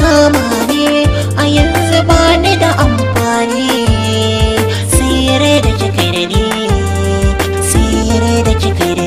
kamani a yanzu ba da amfani sire da kika da ni da kika da